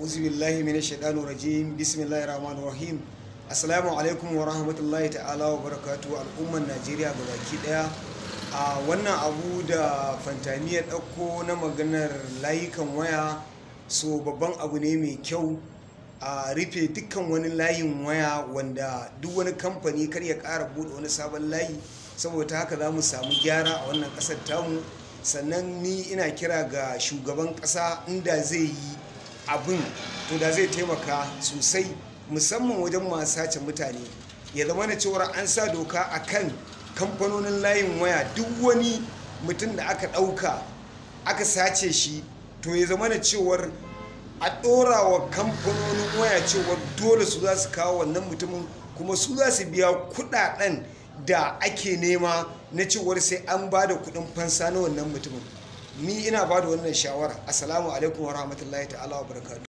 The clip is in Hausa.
auzu billahi minash shaitanir rajim bismillahir rahmanir rahim assalamu alaikum wa rahmatullahi ta'ala wa barakatu al'ummar najeriya ga baki daya a wannan abu da fantamiya ɗauko dauko na maganar layukan waya so babban abu ne mai kyau a rufe dukkan wani layin waya wanda duk wani kamfani kar ya kara bude wani sabon layi saboda haka za mu samu gyara a wannan kasar tamu sannan ni ina kira ga shugaban kasa inda zai yi abin to da zai taimaka sosai musamman wajen masu sace mutane ya zama na cewar an sa doka a kan kamfanonin layin waya duk wani mutum da aka ɗauka aka sace shi to ya zama na cewar a ɗora wa kamfanonin waya cewar dole su za su kawo wannan mutumin kuma su za su biya kudaden da ake nema na cewar sai an ba da kuɗin fansa na wannan mutumin ni ina ba da wannan shawara assalamu alaikum wa rahmatullahi ta'ala wa barakatuh